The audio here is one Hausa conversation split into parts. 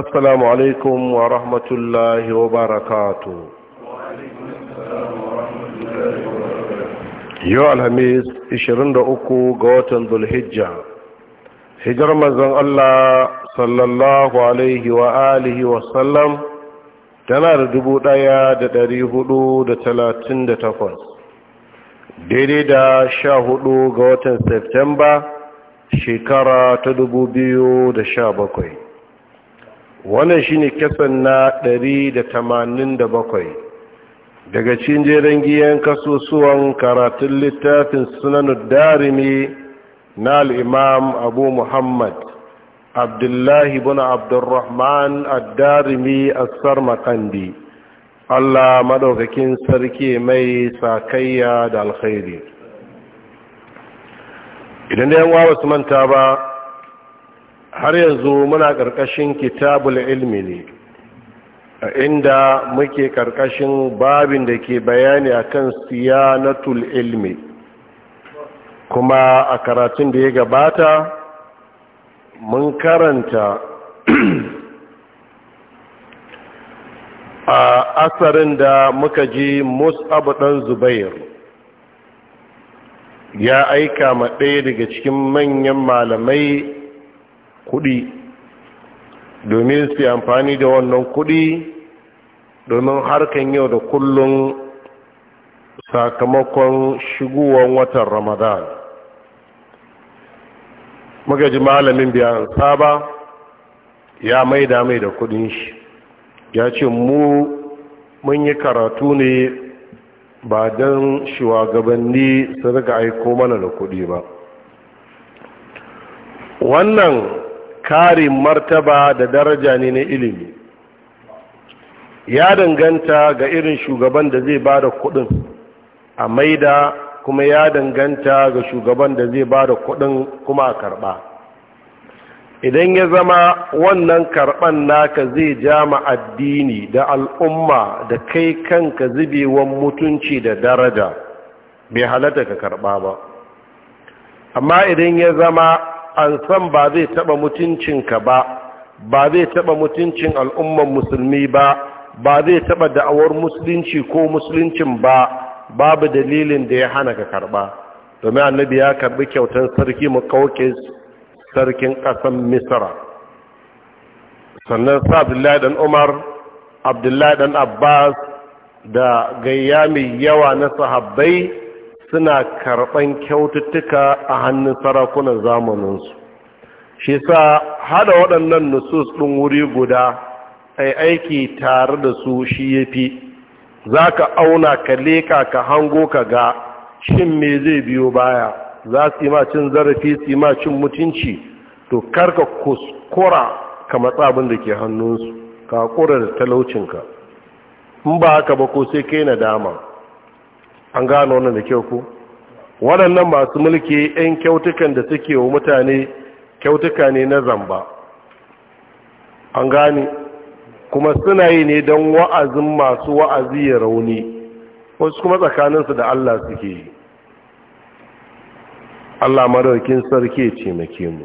السلام عليكم ورحمة الله وبركاته يو الهميز إشرين دعوكو قوتن ذو الحجة هجر مزن الله صلى الله عليه وآله وسلم tana da dubu ɗaya da ɗari hudu da talatin da takwas daidai da sha hudu ga watan Septemba shekara ta dubu biyu da sha bakwai wannan ne kasan na 187 daga cikin jeren giyan kasusuwan karatun littafin sunanud darimi na alimam abu muhammad abdullahi bin abdurrahman ad-darimi as makandi Allah maɗaukakin sarki mai sakayya da alkhairi idan da yan wawa manta ba har yanzu muna ƙarƙashin kitabul ilmi ne inda muke ƙarƙashin babin da ke bayani a kan siyanatul ilmi kuma a karatun da ya gabata mun karanta a asarin da muka ji mus'abu ɗan zubair ya aika ma ɗaya daga cikin manyan malamai kuɗi domin su amfani da wannan kuɗi domin harkan yau da kullum sakamakon shigowar watan ramadan muka ji malamin biyan saba ya maida mai da kudin shi ya ce mu mun yi karatu ne ba don shugabanni su riga aiko mana da kudi ba wannan karin martaba da daraja ne na ilimi ya danganta ga irin shugaban da zai ba da kudin a maida kuma ya danganta ga shugaban da zai ba da kudin kuma a karba idan ya zama wannan karban naka zai ma addini da al'umma da kai kanka zubewan mutunci da daraja bai halatta ka karba ba amma idan ya zama an san ba zai taɓa mutuncinka ba ba zai taɓa mutuncin al'umman musulmi ba ba zai taɓa da'awar musulunci ko musuluncin ba babu dalilin da ya hana ka karɓa domin annabi ya karɓi kyautar sarki mukaukis sarkin ƙasar misra sannan sa abdullahi ɗan umar abdullahi ɗan abbas da gayya mai yawa na sahabbai suna karɓan kyaututtuka a hannun sarakunan zamaninsu shi sa hada waɗannan nusus ɗin wuri guda ai aiki tare da su shi ya fi za ka auna ka leƙa ka hango ka ga shin me zai biyo baya za su yi ma zarafi su yi ma mutunci to karka kuskura ka matsa abin da ke hannunsu ka haƙura da talaucinka in ba haka ba ko sai kai nadama dama an gano wannan da kyau ku waɗannan masu mulki 'yan kyautukan da suke wa mutane kyautuka ne na zamba an gane kuma suna yi ne don wa'azin masu wa'azi ya rauni wasu kuma tsakaninsu da Allah suke yi Allah maraukin sarki ce make mu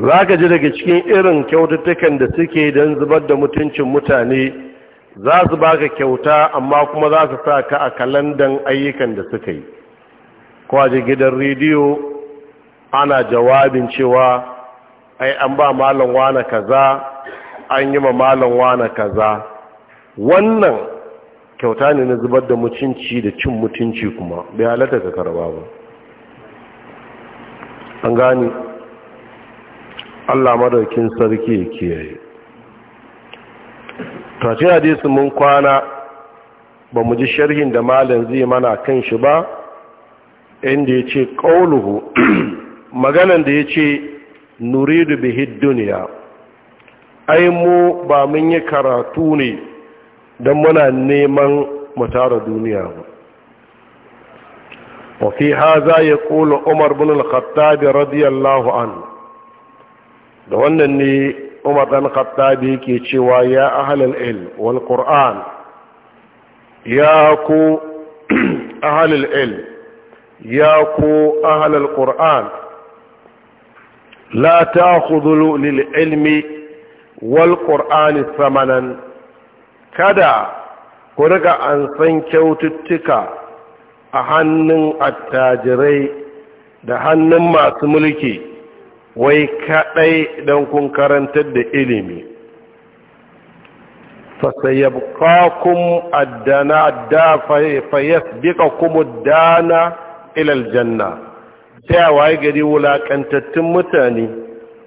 za ka ji daga cikin irin kyaututtukan da suke don zubar da mutuncin mutane za su baka kyauta amma kuma za su sa ka a kalandan ayyukan da suka yi kwaje gidan rediyo ana jawabin cewa ai an ba malon wane kaza an yi ma malon wane kaza wannan kyauta ne na zubar da mutunci da cin mutunci kuma bai halatta ka karba ba an gani Allah madaukin sarki ya kiyaye to ce hadisi mun kwana ba mu ji sharhin da malam zai mana kan shi ba inda ya ce ƙauluhu maganan da ya ce nuridu bihi duniya ai mu ba mun yi karatu ne don muna neman mutara duniya ba wafi haza ya ƙula umar bin al-khattabi radiyallahu an da wannan ne umar dan khattabi ke cewa ya ahlal il wal qur'an ya ku ahlal il ya ku ahlal qur'an la ta'khudhu lil ilmi wal qur'ani samanan kada ku riga an san kyaututtuka a hannun attajirai da hannun masu mulki wai kaɗai don kun karantar da ilimi fasayyabkakun addana da fayas dika kuma dana ilal janna sai a gari wulaƙantattun mutane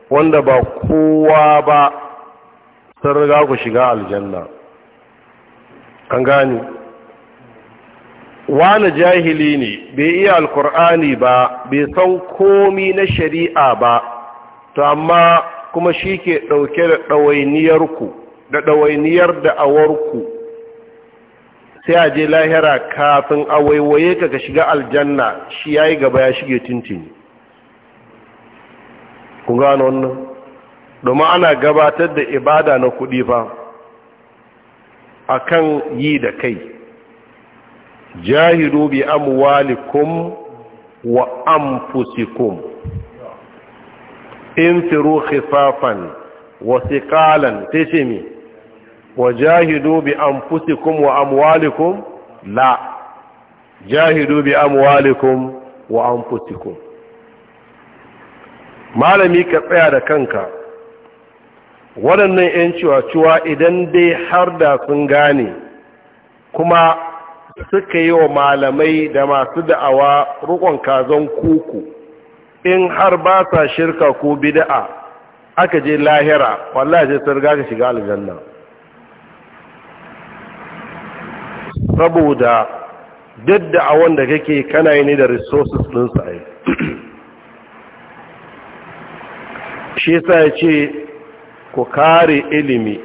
wanda ba kowa ba sun riga ku shiga aljanna kan gani wani jahili ne bai iya alkur'ani ba bai san komi na shari'a ba to amma kuma shi ke ɗauke da ɗawainiyarku da ɗawainiyar da da'awarku sai a je lahira kafin a waiwaye ka ka shiga aljanna shi ya yi gaba ya shige tintini ku gano wannan domin ana gabatar da ibada na kuɗi fa a kan yi da kai jahiru bi amwalikum wa amfusikum infiru khifafan wa thiqalan sai ce mi wajahidu bi anfusikum wa amwalikum la jahidu bi amwalikum wa anfusikum malami ka tsaya da kanka waɗannan 'yan ciwa idan dai har da sun gane kuma suka yi wa malamai da masu da'awa rukon kazon kuku in har ba sa shirka ko bid'a aka je lahira wallahi sai sun riga ka shiga aljanna saboda duk da a wanda kake kana yi ne da resources din sa yi shi yasa ya ce ku kare ilimi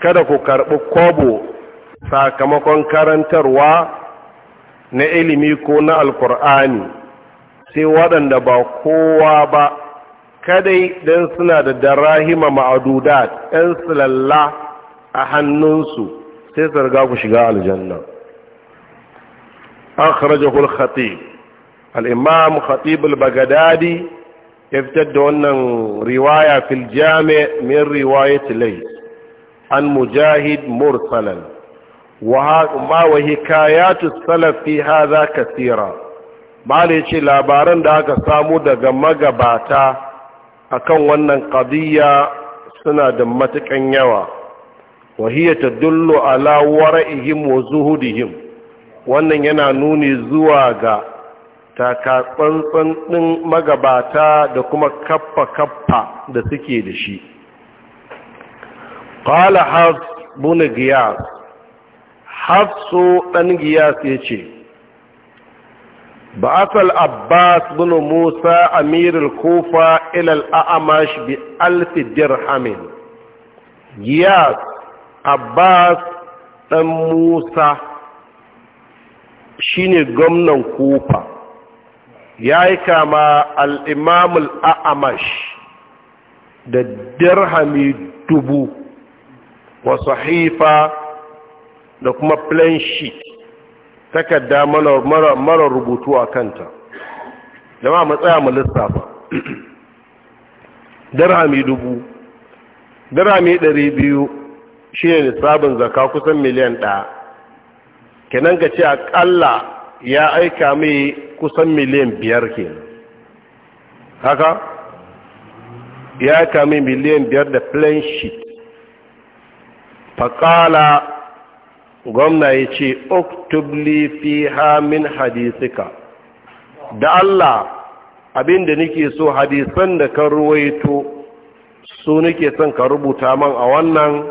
kada ku karɓi kobo sakamakon karantarwa na ilimi ko na alkur'ani sai waɗanda ba kowa ba kadai don suna da darahima ma'adudat ɗan silalla a hannunsu sai su ku shiga aljanna an kharajahul khatib al-imam khatib al-baghdadi ya fitar da wannan riwaya fil jami' min riwayat lay an mujahid mursalan wa ma wa hikayatu salaf fi hadha kathira Mali ya ce labaran da aka samu daga magabata akan wannan ƙadiyya suna da matukan yawa wahiyar ta dullo ala wara'ihim wa zuhudihim wannan yana nuni zuwa ga takatsantsan ɗin magabata da kuma kaffa-kaffa da suke da shi ƙala hafs buna giyas hafsu ɗan giyas ya ce بعث العباس بن موسى أمير الكوفة إلى الأعمش بألف درهم ياس عباس ɗan Musa shine gwamnan kofa ya yi kama al'imamul a'amash da dirhami dubu wa sahifa da kuma plain sheet takarda mara rubutu a kanta jama'a matsaya mu lissafa dirhami dubu dirhami ɗari biyu shi ne lissafin zaka kusan miliyan ɗaya kenan ka ce aƙalla ya aika mai kusan miliyan biyar kenan haka ya aika mai miliyan biyar da plan sheet faƙala gwamna ya ce oktubli fi hamin hadisika da Allah abinda nake so hadisan da ka ruwaito su nake son ka rubuta man a wannan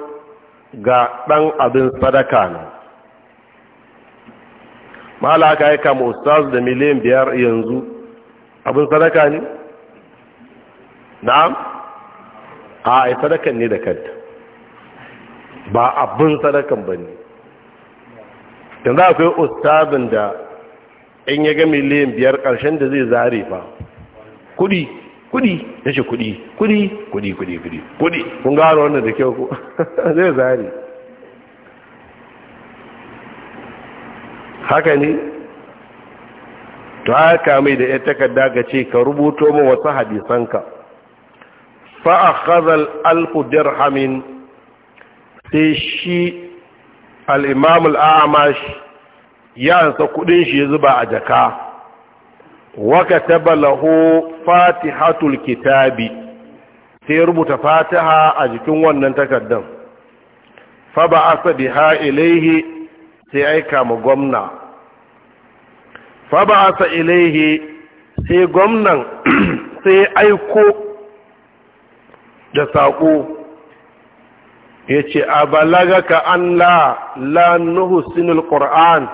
ga ɗan abin sadaka na mala aka aika ma ustaz da miliyan biyar yanzu abin sadaka ne? na'am? a ai sadakan ne da kanta ba abin sadakan ba ne yanzu akwai ustazin da in ya ga miliyan biyar ƙarshen da zai zare ba kudi kudi ya ce kudi kudi kudi kudi kudi kudi kun gano wannan da kyau ku zai zare haka ne ta haka mai da ya takarda ga ce ka rubuto min wasu hadisanka fa akhadha al alf dirhamin sai shi al-imam amash ya ansa kudin shi ya zuba a jaka wa kataba Fati fatihatul kitabi sai rubuta fatiha a jikin wannan takardan. fa ba a sabi ha ilaihi sai aika ma gwamna fa ba a sa ilaihi sai gwamnan sai aiko da saƙo ya ce a ka an la la ƙor'an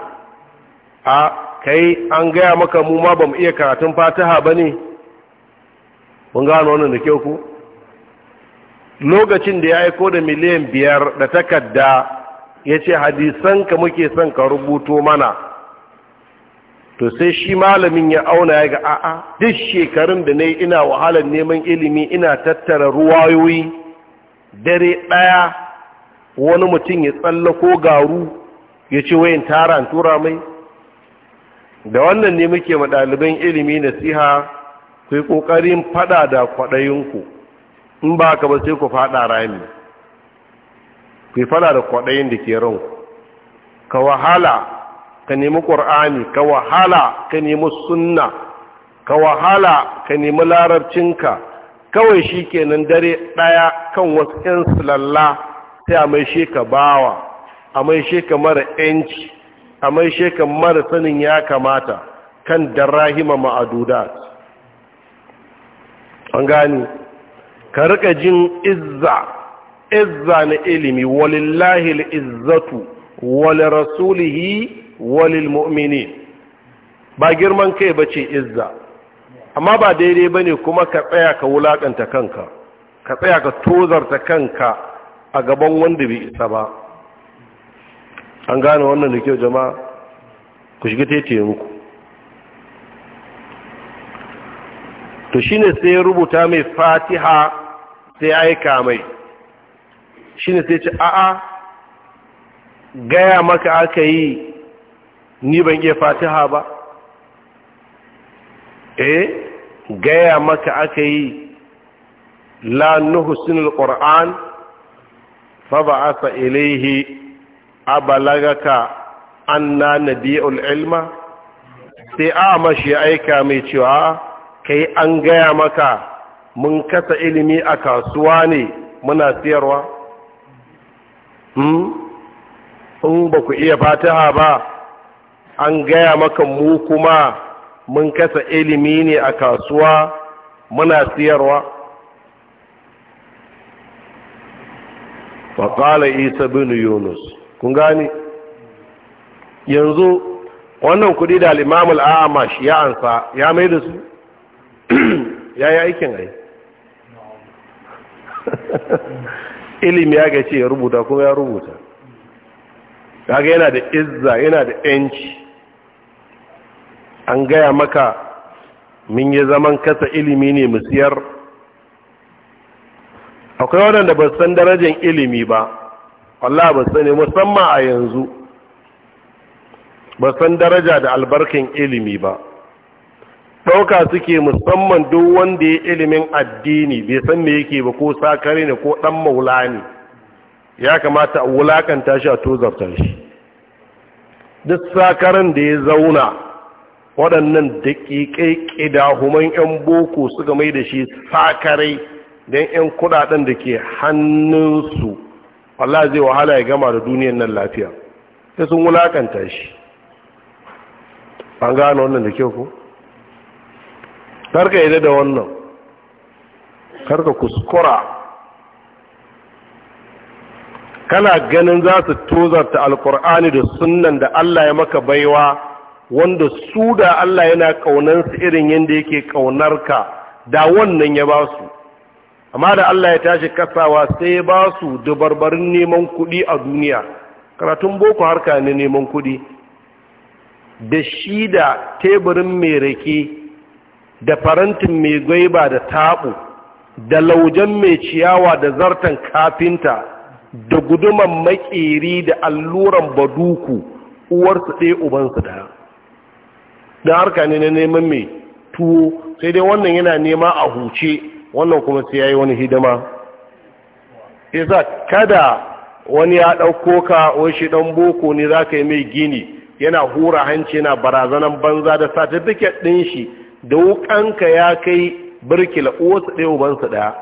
a kai an gaya maka mu ma ba mu iya karatun fataha ba ne kun gano wannan da kyau ku lokacin da ya aiko da miliyan biyar da takarda ya ce hadisanka muke son ka rubuto mana to sai shi malamin ya auna ya ga a'a duk shekarun da na ina wahalar neman ilimi ina tattara ruwayoyi dare ɗaya wani mutum ya tsallako garu ya ce wayan tara tura mai da wannan ne muke ma ɗaliban ilimi nasiha ku yi ƙoƙarin faɗa da kwaɗayinku in ba ka ba sai ku faɗa rami ku yi faɗa da kwaɗayin da ke ranku ka wahala ka nemi ƙur'ani ka wahala ka nemi sunna ka wahala ka nemi larabcinka kawai shi kenan dare ɗaya kan wasu 'yan silalla sai a mai sheka bawa a mai sheka mara yanci a mai sheka mara sanin ya kamata kan darahima ma'adudat an gani ka rika jin izza izza na ilimi walillahi izzatu wali rasulihi walil mu'mini ba girman kai ba ce izza amma ba daidai ba ne kuma ka tsaya ka wulaƙanta kanka ka tsaya ka tozarta kanka a gaban wanda bai isa ba an gane wannan da kyau jama ku shiga tete muku to shine sai ya rubuta mai fatiha sai aika mai shine sai ce a'a gaya maka aka yi ni ban iya fatiha ba eh gaya maka aka yi la nuhsinul qur'an fa ba'asa ilaihi abalagaka anna nabi'ul ilma sai a mashi aika mai cewa kai an gaya maka mun kasa ilimi a kasuwa ne muna siyarwa in ba ku iya fataha ba an gaya maka mu kuma mun kasa ilimi ne a kasuwa muna siyarwa faƙala isa bin yunus kun gani yanzu wannan kudi da al'imam amash ya ansa ya mai da su ya yi aikin ai ilimi ya gace ya rubuta kuma ya rubuta kaga yana da izza yana da yanci an gaya maka min yi zaman kasa ilimi ne musiyar akwai waɗanda ba san darajar ilimi ba Allah ba sani musamman a yanzu ba san daraja da albarkin ilimi ba ɗauka suke musamman duk wanda ya ilimin addini bai san me yake ba ko sakare ne ko ɗan maula ne ya kamata a wulakanta shi a tozarta shi duk sakaran da ya zauna waɗannan daƙiƙai ƙidahuman 'yan boko suka mai da shi sakarai don 'yan kudaden da ke hannunsu Allah zai wahala ya gama da duniyan nan lafiya sai sun wulakanta shi an gano wannan da kyau ko karka yi da wannan karka kuskura kana ganin za su tozarta alkur'ani da sunan da Allah ya maka baiwa wanda su da Allah yana kaunansu irin yadda yake ƙaunarka, da wannan ya ba su amma da Allah ya tashi kasawa sai ba su dabarbarin neman kuɗi a duniya karatun boko harka ne neman kuɗi da shi da teburin mai rake da farantin mai gwaiba da taɓu da laujen mai ciyawa da zartan kafinta da guduman makeri da alluran baduku uwarsu ɗaya ubansu da da harka ne na neman mai tuwo sai dai wannan yana nema a huce wannan kuma sai ya yi wani hidima isa kada wani ya ɗauko ka wai shi ɗan boko ne za ka yi mai gini yana hura hanci yana barazanan banza da satifiket ɗin shi da wukanka ya kai birkila uwarsa ɗaya ubansu ɗaya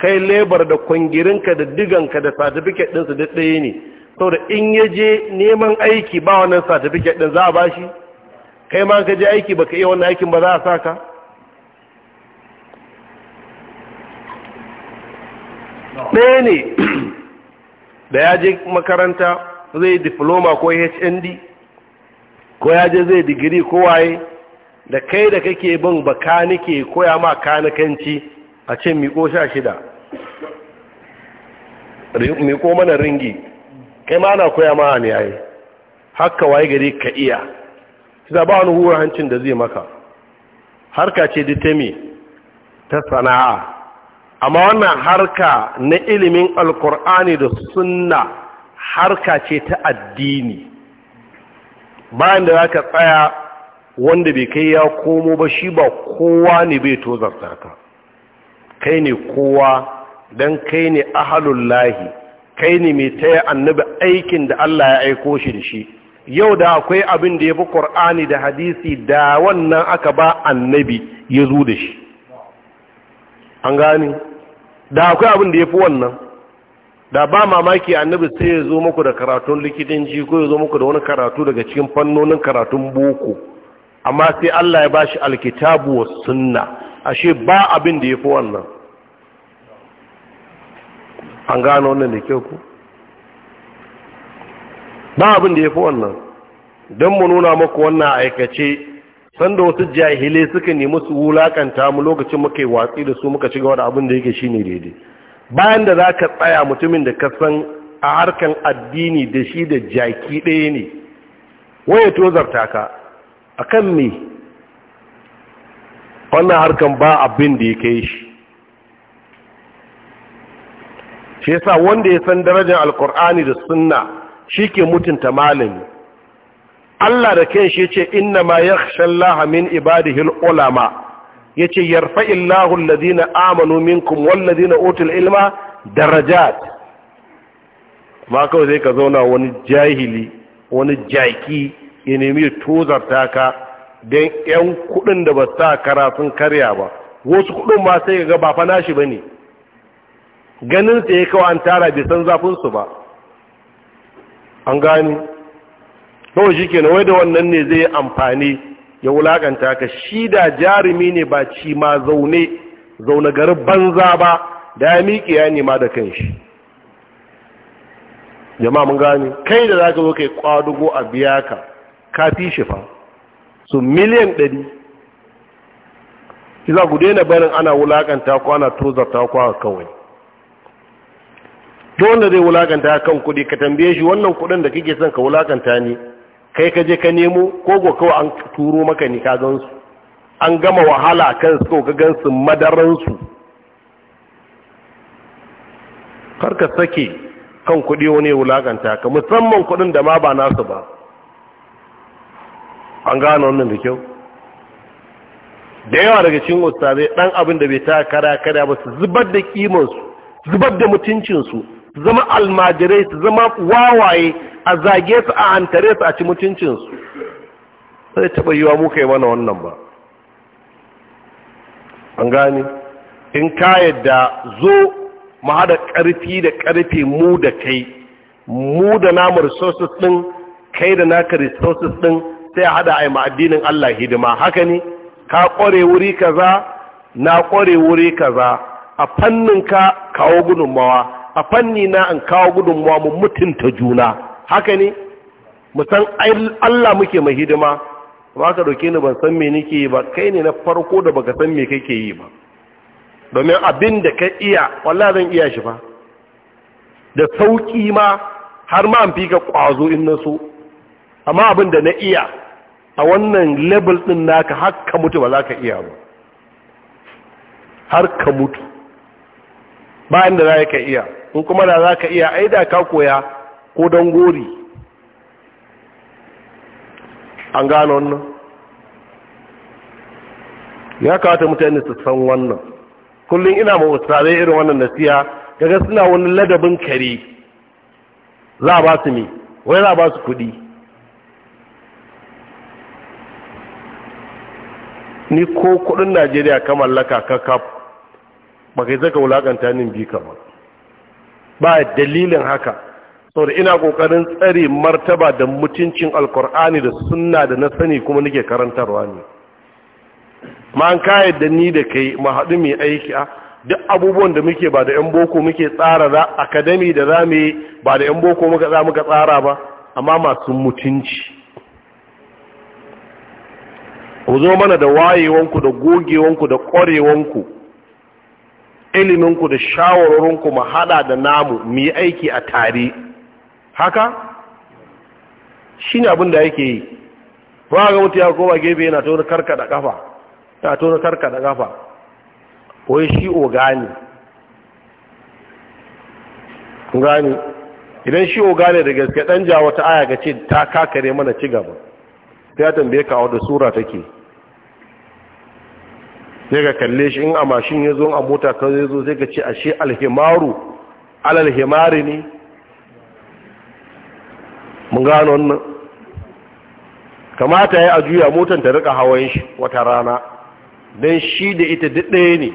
kai lebar da kwangirinka da diganka da satifiket ɗinsu duk ɗaya ne saboda in ya je neman aiki ba wannan satifiket ɗin za a ba shi kai ma ka je aiki baka iya wannan aikin ba za a sa ka ɗaya ne da ya je makaranta zai diploma ko hnd ko ya je zai digiri ko waye da kai da kake bin nike koya ma kanikanci a ce miko sha shida miko mana ringi kai ma na koya ma ne yayi haka waye gari ka iya da ba wani hura hancin da zai maka harka ce ditemi ta sana'a amma wannan harka na ilimin alkur'ani da sunna harka ce ta addini bayan da za ka tsaya wanda bai kai ya komo ba shi ba kowa ne bai tozarta ka kai ne kowa don kai ne ahalullahi kai ne mai taya annabi aikin da Allah ya aiko shi da shi yau da akwai abin da ya fi ƙor'ani da hadisi da wannan aka ba annabi ya zo da shi an gani da akwai abin da ya fi wannan da ba mamaki annabi sai ya zo muku da karatun likitanci ko ya zo muku da wani karatu daga cikin fannonin karatun boko amma sai Allah ya bashi alkitabu was sunna ashe ba abin da ya fi wannan an gano wannan da kyau ku ba abin da ya fi wannan don mu nuna muku wannan aikace sanda wasu jahilai suka nemi su wulakanta mu lokacin muka yi watsi da su muka ci gaba da abin da yake shine daidai bayan da zaka tsaya mutumin da ka san a harkan addini da shi da jaki ɗaya ne waye tozarta ka akan me wannan harkan ba abin da ya kai shi shi yasa wanda ya san darajar alkur'ani da sunna shi ke mutunta malami Allah da kai shi ce inna ma yakhsha Allah min ibadihi ulama yace yarfa Illahu alladhina amanu minkum walladhina utul ilma darajat ba kawai sai ka zauna wani jahili wani jaki ya nemi tozarta ka don 'yan kudin da ba sa kara sun karya ba wasu kudin ma sai ga ba fa shi bane ganin sai kawai an tara bai san zafin su ba an gani kawai shi ke wai da wannan ne zai amfani ya wulaƙanta ka shi da jarumi ne ba ci ma zaune zaune gari banza ba da ya miƙe ya nema da kan shi jama'a mun gane kai da za ka zo kai kwadugo a biya ka ka fi shi fa su miliyan ɗari shi za ku daina barin ana wulaƙanta ko ana tozarta ko a kawai don da zai wulaƙanta kan kuɗi ka tambaye shi wannan kuɗin da kake son ka wulaƙanta ne kai ka je ka nemo kogo kawai an turo maka ne ka gansu an gama wahala kan su ka gansu madaransu karka sake kan kuɗi wani wulakanta ka musamman kuɗin da ma ba nasu ba an gano wannan da kyau da yawa daga cikin ustazai dan abin da bai ta kara kara ba su zubar da kimansu zubar da mutuncinsu zama almajirai su zama wawaye a zage su a hantare su a ci mutuncinsu sai taɓa yiwa muka yi mana wannan ba an gani in ka yadda zo mu haɗa ƙarfi da ƙarfi mu da kai mu da namu resources ɗin kai da naka resources ɗin sai a haɗa a yi ma'addinin Allah hidima haka ne ka ƙware wuri kaza na ƙware wuri kaza a fannin ka kawo gudunmawa a fanni na an kawo gudunmuwa mu mutunta juna haka ne musan Allah muke mai hidima ba ka dauke ni ban san me nake yi ba kai ne na farko da baka san me kake yi ba domin abin da ka iya wallahi zan iya shi ba da sauki ma har ma an fi ka kwazo in na so amma abin da na iya a wannan level din naka har ka mutu ba za ka iya ba har ka mutu bayan da za ka iya in kuma da za ka iya aida ka koya ko don gori an gano wannan ya kawata mutane su san wannan kullum ina ma ustazai irin wannan nasiya daga suna wani ladabin kare za a ba su ne wai za a ba su kudi ni ko kudin najeriya ka laka kakaf ba kai zaka wulakanta nin bi kamar ba dalilin haka saboda ina kokarin tsare martaba da mutuncin alkur'ani da sunna da na sani kuma nake karantarwa ne ma an kayar da ni da kai ma haɗu mai aiki a duk abubuwan da muke ba da yan boko muke tsara za akadami da za mu yi ba da yan boko muka za muka tsara ba amma masu mutunci ku zo mana da wayewanku da gogewanku da ƙwarewanku iliminku da shawarorinku mu hada da namu mu yi aiki a tare haka shi ne abin da yake yi ba ga mutu ya koma gefe yana tona karka da kafa yana tona karka da kafa wai shi ogani gani idan shi ne da gaske dan jawo ta aya ga ce ta kakare mana ci gaba ya tambaye ka a wadda sura take sai ka kalle shi in a mashin ya zo a mota ka zai zo sai ka ce ashe alhimaru alalhimari ne mun gano wannan kamata ya juya motan ta rika hawan shi wata rana don shi da ita duk ɗaya ne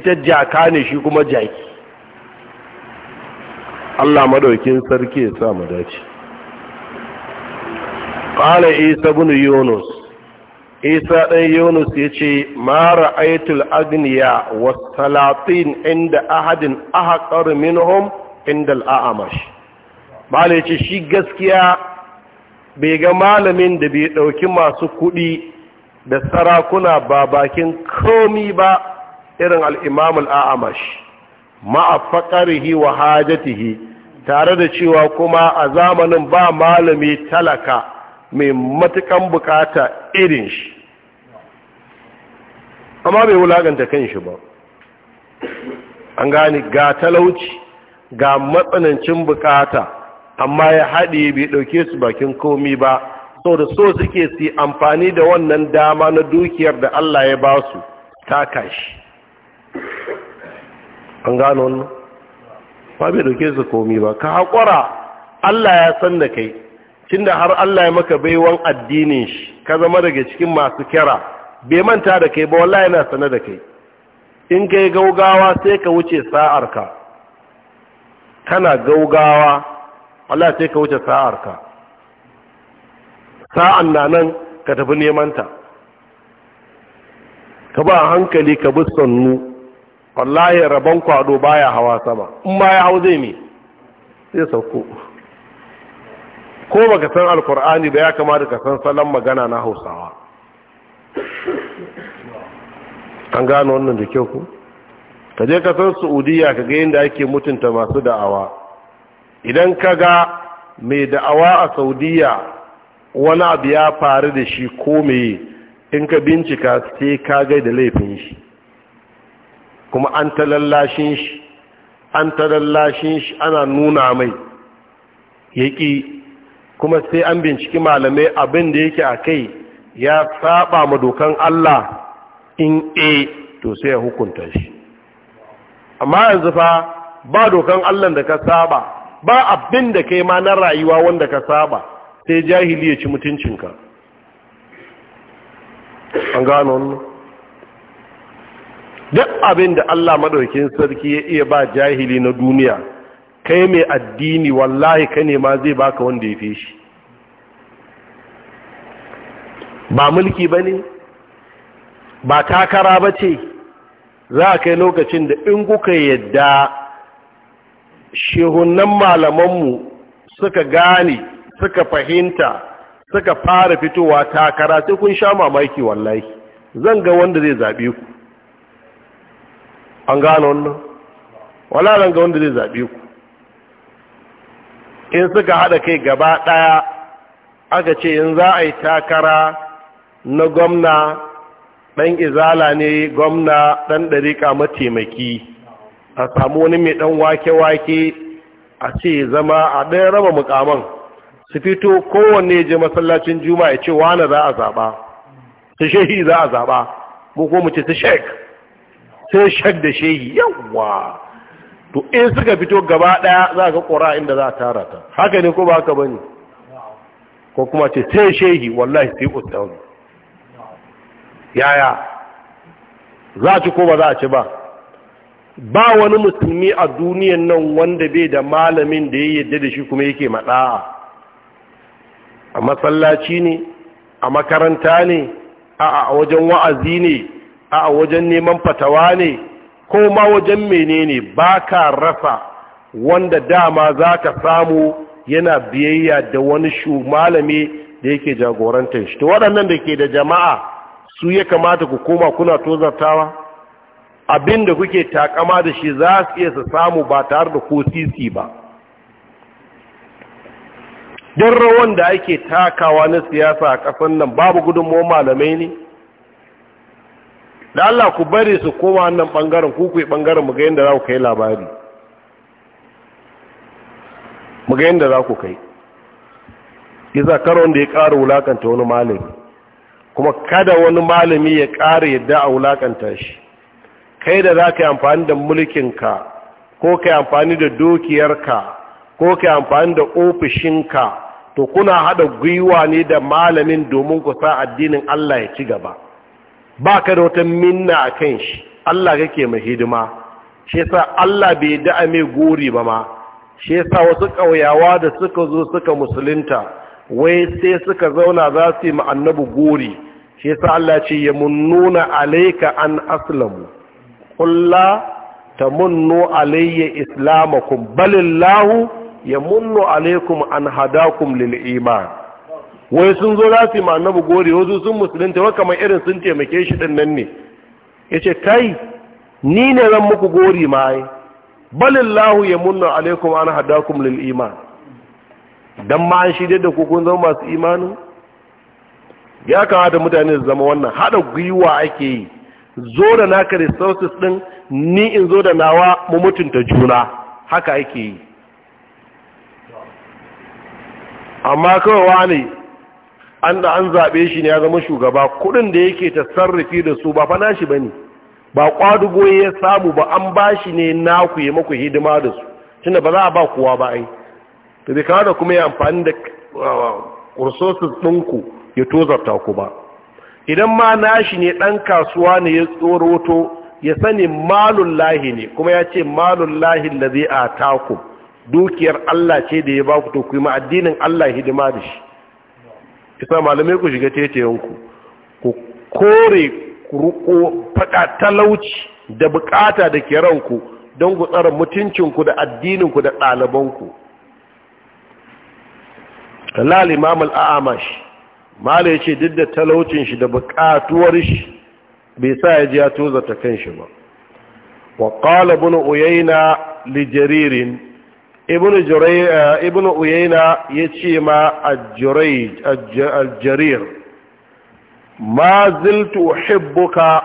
ita jaka ne shi kuma jaki Allah madaukin sarki ya sa mu dace qala isa ibn yunus isa ɗan yunus ya ce mara aitul agniya wasalatin inda ahadin ahakar hom inda al'amash ba ce shi gaskiya bai ga malamin da bai ɗauki masu kuɗi da sarakuna ba bakin komi ba irin al'imam al'amash ma'afaƙarihi wa hi tare da cewa kuma a zamanin ba malami talaka mai matukan bukata irin shi amma bai wulaganta kan shi ba an gane ga talauci ga matsanancin bukata amma ya haɗe bai ɗauke su bakin komi ba sau da so suke su amfani da wannan dama na dukiyar da Allah ya ba su ta kashi an gano wannan ba bai ɗauke su komi ba ka haƙura Allah ya san da kai cinda har Allah ya maka baiwan addinin shi ka zama daga cikin masu kera. bai manta da kai ba wallahi yana sane da kai in kai gaugawa sai ka wuce sa'arka kana gaugawa wallahi sai ka wuce sa'arka sa'an na nan ka tafi nemanta ka ba hankali ka bi sannu wallahi rabon kwado baya hawa sama in ma ya hau zai me sai sauko ko baka san alkur'ani ba ya kamata ka san salon magana na hausawa an gano wannan da kyau ku ka je ka san saudiya ka ga yadda ake mutunta masu da'awa idan ka ga mai da'awa a saudiya wani abu ya faru da shi ko mai in ka bincika sai ka gai da laifin shi kuma an talallashin shi an talallashin shi ana nuna mai yaƙi kuma sai an binciki malamai abin da yake a kai ya saba ma dokan Allah in a to sai ya hukunta shi amma yanzu fa ba dokan Allah da ka saba ba abin da kai ma na rayuwa wanda ka saba sai jahili ya ci mutuncinka an gano ne. duk abin da Allah madaukin sarki ya iya ba jahili na duniya kai mai addini wallahi ka ne ma zai baka wanda ya fi shi ba mulki ba ne ba takara ba ce za a kai lokacin da in kuka yadda shehunan malamanmu suka gane suka fahimta suka fara fitowa takara sai kun sha mamaki wallahi zan ga wanda zai zaɓe ku an gano wannan wala zan ga wanda zai zaɓe ku in suka haɗa kai gaba ɗaya aka ce in za a yi takara na gwamna ɗan izala ne gwamna ɗan ɗariƙa mataimaki a samu wani mai ɗan wake-wake a ce zama a ɗaya raba mukaman su fito kowanne je masallacin juma ya ce wane za a zaɓa su shehi za a zaɓa mu ko mu ce su shek sai shek da shehi yawwa to in suka fito gaba ɗaya za ga ƙura inda za a tara ta haka ne ko ba ka ba ne ko kuma ce sai shehi wallahi sai ustazu yaya za a ci ko ba za a ci ba ba wani musulmi a duniyan nan wanda bai da malamin da ya yadda da shi kuma yake maɗa'a a masallaci ne a makaranta ne a wajen wa'azi ne a wajen neman fatawa ne ko ma wajen menene ba ka rasa wanda dama za ka samu yana biyayya da wani shu malami da yake jagorantar shi to waɗannan da ke da jama'a su ya kamata ku koma kuna tozartawa abinda kuke takama da shi za su iya su samu ba tare da ko sisi ba don rawan da ake takawa na siyasa a ƙasar nan babu gudunmuwan malamai ne da Allah ku bari su koma wannan ɓangaren kuku yi ɓangaren muga yadda za ku kai labari muga yadda za ku kai iza karon da ya ƙara wulakanta wani malami kuma kada wani malami ya ƙara yadda a wulaƙanta shi kai da za ka yi amfani da mulkinka ko ka yi amfani da dukiyarka ko ka yi amfani da ofishinka to kuna haɗa gwiwa ne da malamin domin ku sa addinin Allah ya ci gaba ba ka da wata minna a kan shi Allah kake mai hidima shi yasa Allah bai da'a mai gori ba ma shi yasa wasu ƙauyawa da suka zo suka musulunta wai sai suka zauna za su yi ma annabi gori shi yasa Allah ce ya munnuna alayka an aslamu qul la tamunnu alayya islamakum balillahu munnu alaykum an hadakum lil iman wai sun zo da su ma bu gori wasu sun musulunta wa kamar irin sun taimake shi din nan ne yace kai ni ne zan muku gori mai balillahu ya munnu alaykum an hadakum lil iman dan ma an shi da ku kun zama masu imani ya kamata mutane su zama wannan haɗa gwiwa ake yi zo da naka resources ɗin ni in zo da nawa mu mutunta juna haka ake yi amma kawai wani an da an zaɓe shi ne ya zama shugaba kuɗin da yake ta sarrafi da su ba na shi ba ne ba ƙwadugo ya samu ba an ba shi ne naku ya maku hidima da su tunda ba za a ba kowa ba ai to bai kawo da kuma ya amfani da uh, resources ɗinku ya tozarta ku ba idan ma nashi ne ɗan kasuwa ne ya tsoroto ya sani malun ne kuma ya ce malun lahi da zai a taku dukiyar Allah ce da ya ba ku to ku yi ma addinin Allah hidima da shi isa malamai ku shiga tetayenku ku kore ruko faɗa talauci da bukata da ke ranku don ku tsara mutuncinku da addininku da ɗalibanku lalima mal'a'amashi mala ya ce duk da talaucin shi da buƙatuwar shi bai sa ya ji ya toza ta kan shi ba wa qala ibn uyayna li jaririn ibn juray eh, ibn uyayna yace ma al al-jarir ma ziltu uhibbuka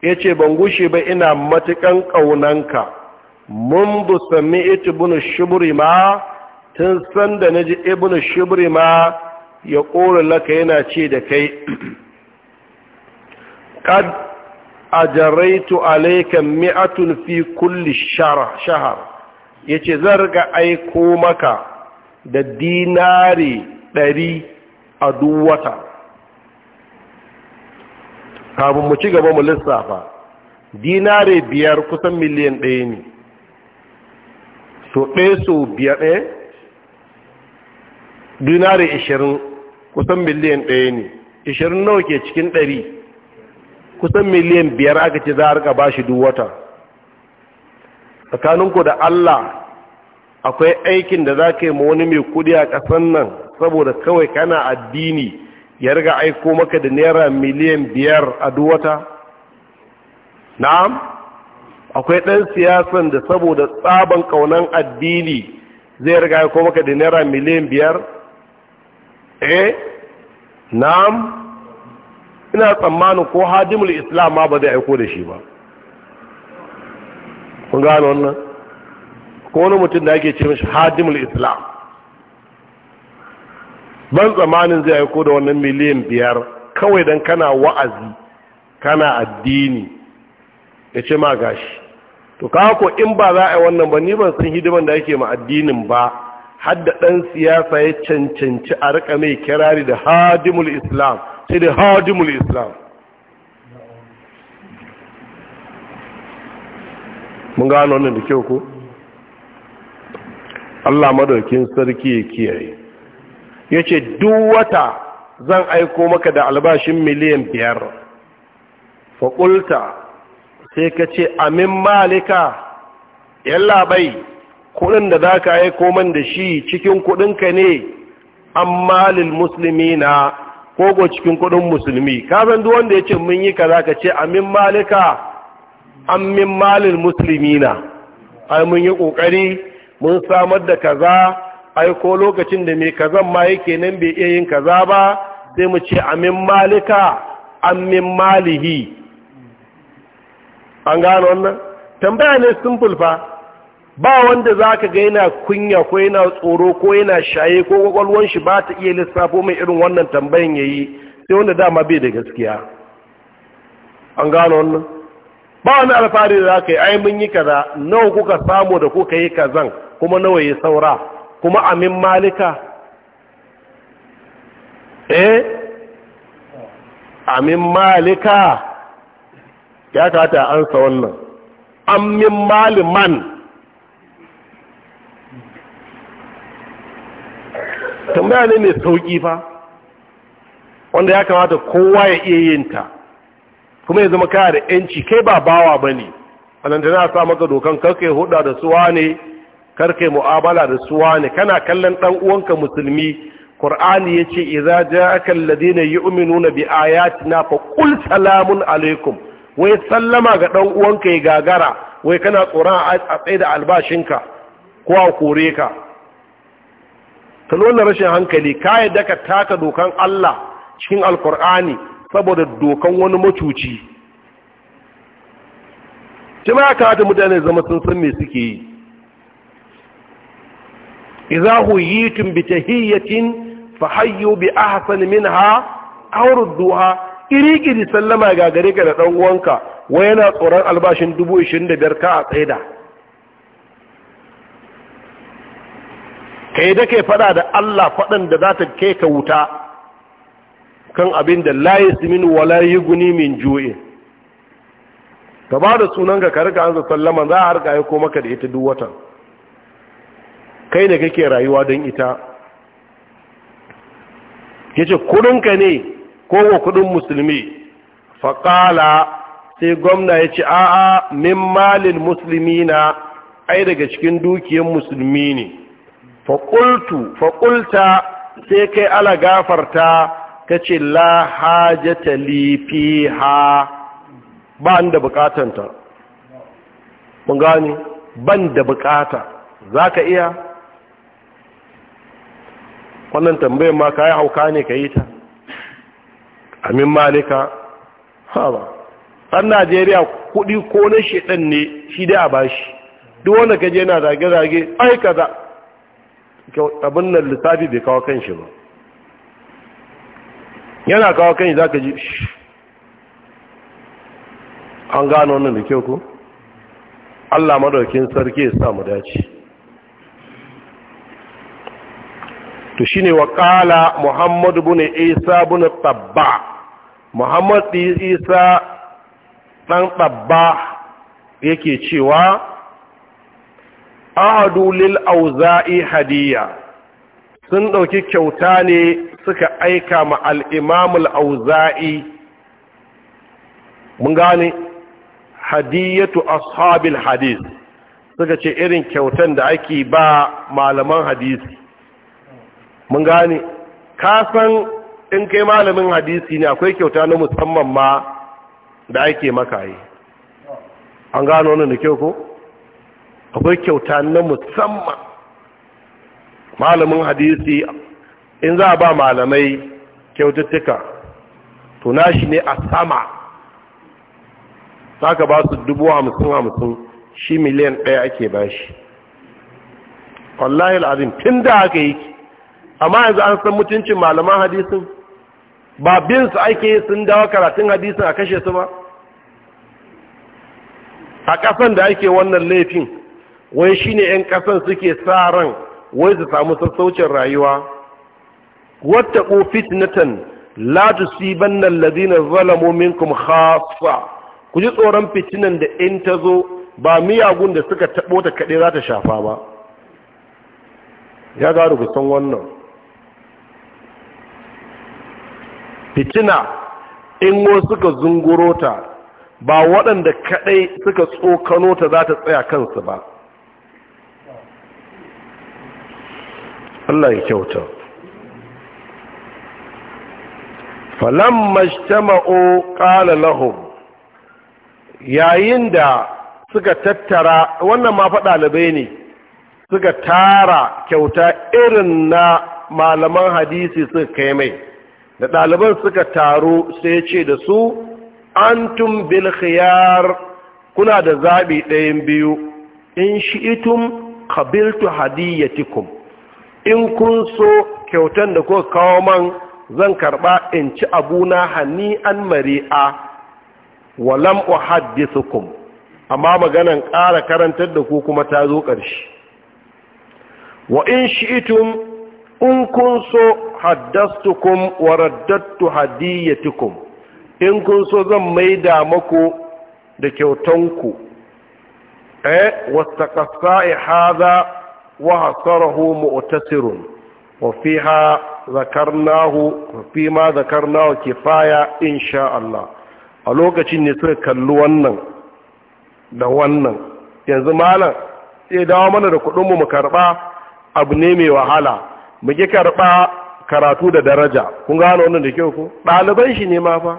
yace ban gushe ba ina matukan kaunanka منذ سمعت ma tun sanda na ji ibn shubri ma. ya ƙorin laka yana ce da kai kad a jaraitu alaikan mi'atun fi kulli shahar ya ce zarga aiko maka da dinari ɗari a duwata kafin mu ci gaba mu lissafa dinari biyar kusan miliyan ɗaya ne so ɗaya so biyar ɗaya eh? dinari ashirin kusan miliyan ɗaya ne ishirin nawa ke cikin ɗari kusan miliyan biyar aka ce za a rika ba shi duwata tsakaninku da allah akwai aikin da za ka yi ma wani mai kudi a ƙasan nan saboda kawai kana addini ya riga aiko maka da naira miliyan biyar a duwata na'am akwai ɗan siyasan da saboda tsaban ƙaunan addini zai riga aiko maka da naira miliyan biyar eh na'am ina tsammanin ko hadimul islam ma ba zai aiko da shi ba kun gano wannan ko wani mutum da ake ce mashi hadimul islam ban tsammanin zai aiko da wannan miliyan biyar kawai don kana wa'azi kana addini ya ce ma gashi to ko in ba za a yi wannan ba ni ban san hidiman da ake ma addinin ba hadda ɗan siyasa ya cancanci a rika mai kirari da hadimul islam sai da hadimul islam mun gano wannan da kyau ko Allah madaukin sarki ya kiyaye yace duk wata zan aiko maka da albashin miliyan biyar faƙulta sai ka ce amin malika yalla bai kudin da za ka aiko man da shi cikin kudinka ne amma lil musulmi na kogo cikin kudin musulmi kafin duk wanda ya ce mun yi kaza ka ce amin malika amin malil musulmi na ai mun yi kokari mun samar da kaza ai ko lokacin da mai kazan ma yake nan bai iya yin kaza ba sai mu ce amin malika amin malihi an gano wannan tambaya ne simple fa ba wanda za ka ga yana kunya ko yana tsoro ko yana shaye ko kwakwalwan shi ba ta iya lissafo mai irin wannan tambayin ya yi sai wanda dama bai da gaskiya an gano wannan ba wani alfahari da za ka yi ai mun yi kaza nawa kuka samu da kuka yi kazan kuma nawa ya saura kuma amin malika eh amin malika ya kata ansa wannan amin maliman tambaya ne mai sauki fa wanda ya kamata kowa ya iya yin ta kuma ya zama kaya da yanci kai ba bawa ba ne balantana na sa maka dokan karkai hudu da suwa ne karkai mu'amala da suwa ne kana kallon ɗan uwanka musulmi ƙur'ani ya ce na yi alladhina yu'minuna bi ayatina fa qul salamun alaikum wai sallama ga ɗan uwanka ya gagara wai kana tsoron a tsaye da albashinka ko a kore ka ta nuna rashin hankali ka yadda ka taka dokan Allah cikin alkur'ani saboda dokan wani macuci ci ma kamata mutane zama sun san me suke yi yi tun bi ta fa fahayyu bi min ha aurar duha iri sallama ga gare ka da ɗan'uwanka, uwanka wai yana tsoron albashin dubu da biyar ka a tsaida kai da ke fada da Allah fadan da za ta kai ka wuta kan abin da layi simin wala yi guni min juye ka ba da sunan ka karka an sallama za a harka koma maka da ita duk watan kai da kake rayuwa don ita ya ce kudinka ne kowa kudin musulmi faƙala sai gwamna ya ce a'a min malin musulmi na ai daga cikin dukiyar musulmi ne faƙultu faƙulta sai kai ala gafarta ka ce la hajjata lifi ha ba da bukatanta mun gani ban da bukata za ka iya wannan tambayin ma ka yi hauka ne ka yi ta amin malika ha ba ɗan najeriya kuɗi ko na ɗan ne shi dai a bashi duk wanda ka je na zage-zage ai za abin nan lissafi bai kawo kan shi ba yana kawo kan shi za ka ji an gano wannan da kyau ku? allah madaukin sarki ya sa mu dace to shine wa kala muhammad ibn isa ibn tabba muhammad isa dan tabba yake cewa ahadu lil auza'i hadiya sun ɗauki kyauta ne suka aika ma al'imamul auza'i mun gane hadiyatu ashabil hadis suka ce irin kyautan da ake ba malaman hadisi mun gane Ka san in kai malamin hadisi ne akwai kyauta na musamman ma da ake maka yi an gano wannan da kyau ko? akwai kyauta na musamman malamin hadisi in za a ba malamai kyaututtuka to shi ne a sama za ka ba su dubu hamsin hamsin shi miliyan ɗaya ake ba shi wallahi al'azim tun da aka yi amma yanzu an san mutuncin malaman hadisin ba bin su ake sun dawo karatun hadisin a kashe su ba a ƙasan da ake wannan laifin wai shine yan kasan suke sa ran wai su samu sassaucin rayuwa wattaqu fitnatan la tusibanna alladhina zalamu minkum khassa ku ji tsoron fitinan da in ta zo ba miyagun da suka taɓo ta kaɗai za ta shafa ba ya ga ku san wannan fitina in wasu suka zungurota ba waɗanda kaɗai suka tsokano ta za ta tsaya kansu ba Allah ya kyauta falamma ijtama'u qala lahum yayin da suka tattara wannan ma faɗa ɗalibai ne suka tara kyauta irin na malaman hadisi suka kai mai da ɗaliban suka taru sai ce da su antum bil khiyar kuna da zaɓi ɗayan biyu in shi shi'itum qabiltu hadiyatikum in kun so kyautan da kuka kawo man zan karba in ci abuna hani an mari'a walam uhaddithukum amma maganan ƙara karantar da ku kuma ta zo ƙarshe wa in shi'tum in kun so haddastukum wa raddattu hadiyatukum in kun so zan maida maku da kyautanku eh wastaqasa'i hadha وحصره مؤتسر وفيها ذكرناه فيما ذكرناه كفاية إن شاء الله a lokacin ne suka kalli wannan da wannan yanzu malam sai dawo mana da kuɗin mu mu karɓa abu ne mai wahala mu ki karba karatu da daraja kun gano wannan da kyau ko ɗaliban shi ne ma fa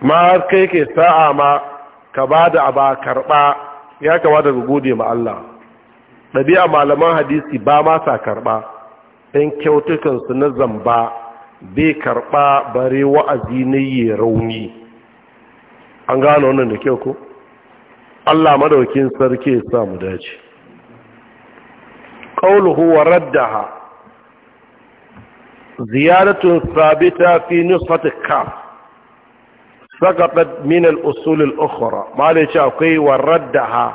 ma kai ke sa'a ma ka ba da abu a karɓa? ya kamata ka gode ma Allah ɗabi'a malaman hadisi ba ma sa karɓa ɗan kyautukansu na zamba bai karɓa bare wa'azi na yi rauni an gano wannan da kyau ko Allah madaukin sarki ya sa mu dace qawluhu wa raddaha ziyaratun sabita fi nusfati kaf saqatat min al-usul al-ukhra malai ce akwai wa raddaha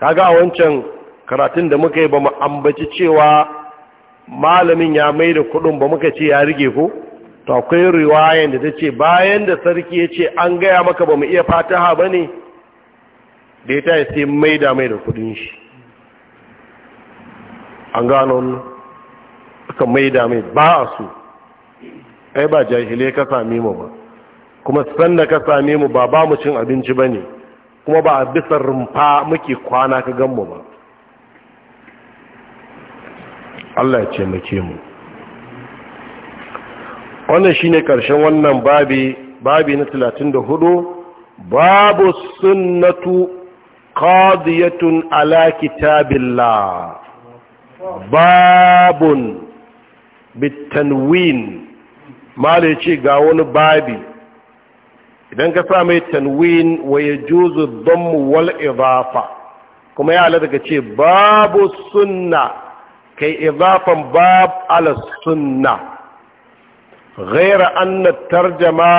kaga wancan karatun da muka yi ba mu ambaci cewa malamin ya mai da kudin ba muka ce ya rige ko to akwai riwayan da ta ce bayan da sarki ya ce an gaya maka ba mu iya fataha ba ne da ya yi sai mai da mai da kudin shi an gano aka mai da mai ba a su ai ba jahile ka sami mu ba kuma da ka sami mu ba ba mu cin abinci ba ne kuma ba a bisa rumfa muke kwana ka gan mu ba Allah ya taimake mu wannan shine karshen wannan babi babi na 34 babu sunnatu qadiyatun ala kitabillah babun bitanwin malai ce ga wani babi idan ka sa mai tanwin wa yajuzu juzu wal idafa kuma ya halatta ce babu sunna kai idafan bab ala sunna ghaira anna tarjama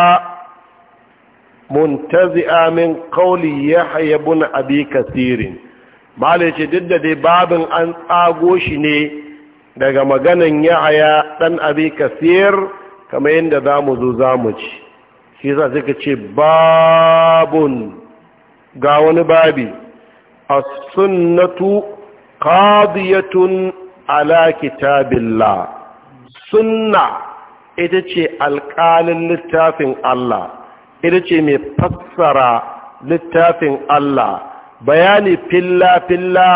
muntazi'a min qawli yahya ibn abi kathir mala ce duk da dai babin an tsago shi ne daga maganan yahya dan abi kathir kamar yadda zamu zo zamu ci shi yasa suka ce babun ga wani babi as-sunnatu qadiyatun ala kitabillah sunna ita ce alƙalin littafin Allah ita ce mai fassara littafin Allah bayani filla-filla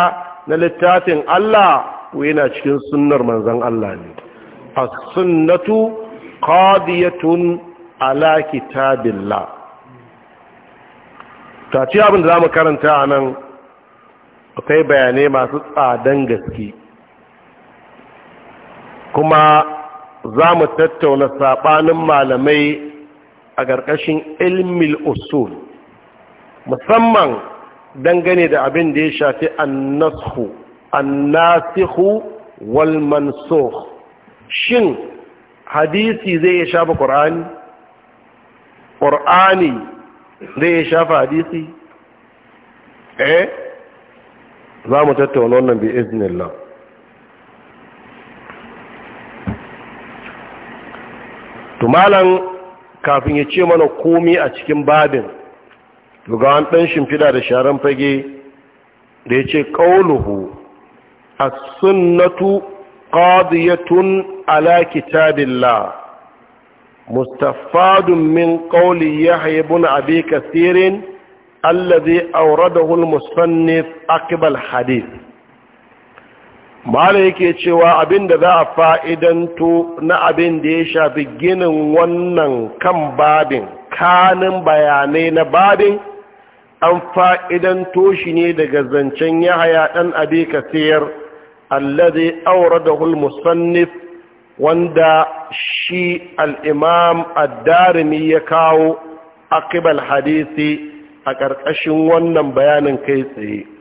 na littafin Allah ko yana cikin sunnar manzan Allah ne a sunnatu qadiyatun ala kitabillah ta ce abin da za mu karanta anan, nan akwai bayanai masu tsadan gaske kuma za mu tattauna saɓanin malamai a ƙarƙashin ilmil usul musamman dangane da abin da ya shafi annashu annasihu wal mansukh shin hadisi zai ya shafa ƙur'ani ƙur'ani zai ya shafa hadisi eh za mu tattauna wannan bi iznillah tumalan kafin ya ce mana komi a cikin babin ga wani ɗan shimfida da sharan fage da ya ce ƙauluhu a sunnatu ƙadiyatun ala kitabillah mustafadun min ƙauli ya haibun abi kasirin allazi auradahul musannif aqbal hadith mala yake cewa abin da za a fa'idanto na abin da ya shafi ginin wannan kan babin kanin bayanai na babin an fa'idanto shi ne daga zancen yahaya ɗan abi kasiyar allazi aure da hulmusannif wanda shi al'imam addarimi ya kawo akibal hadisi a ƙarƙashin wannan bayanin kai tsaye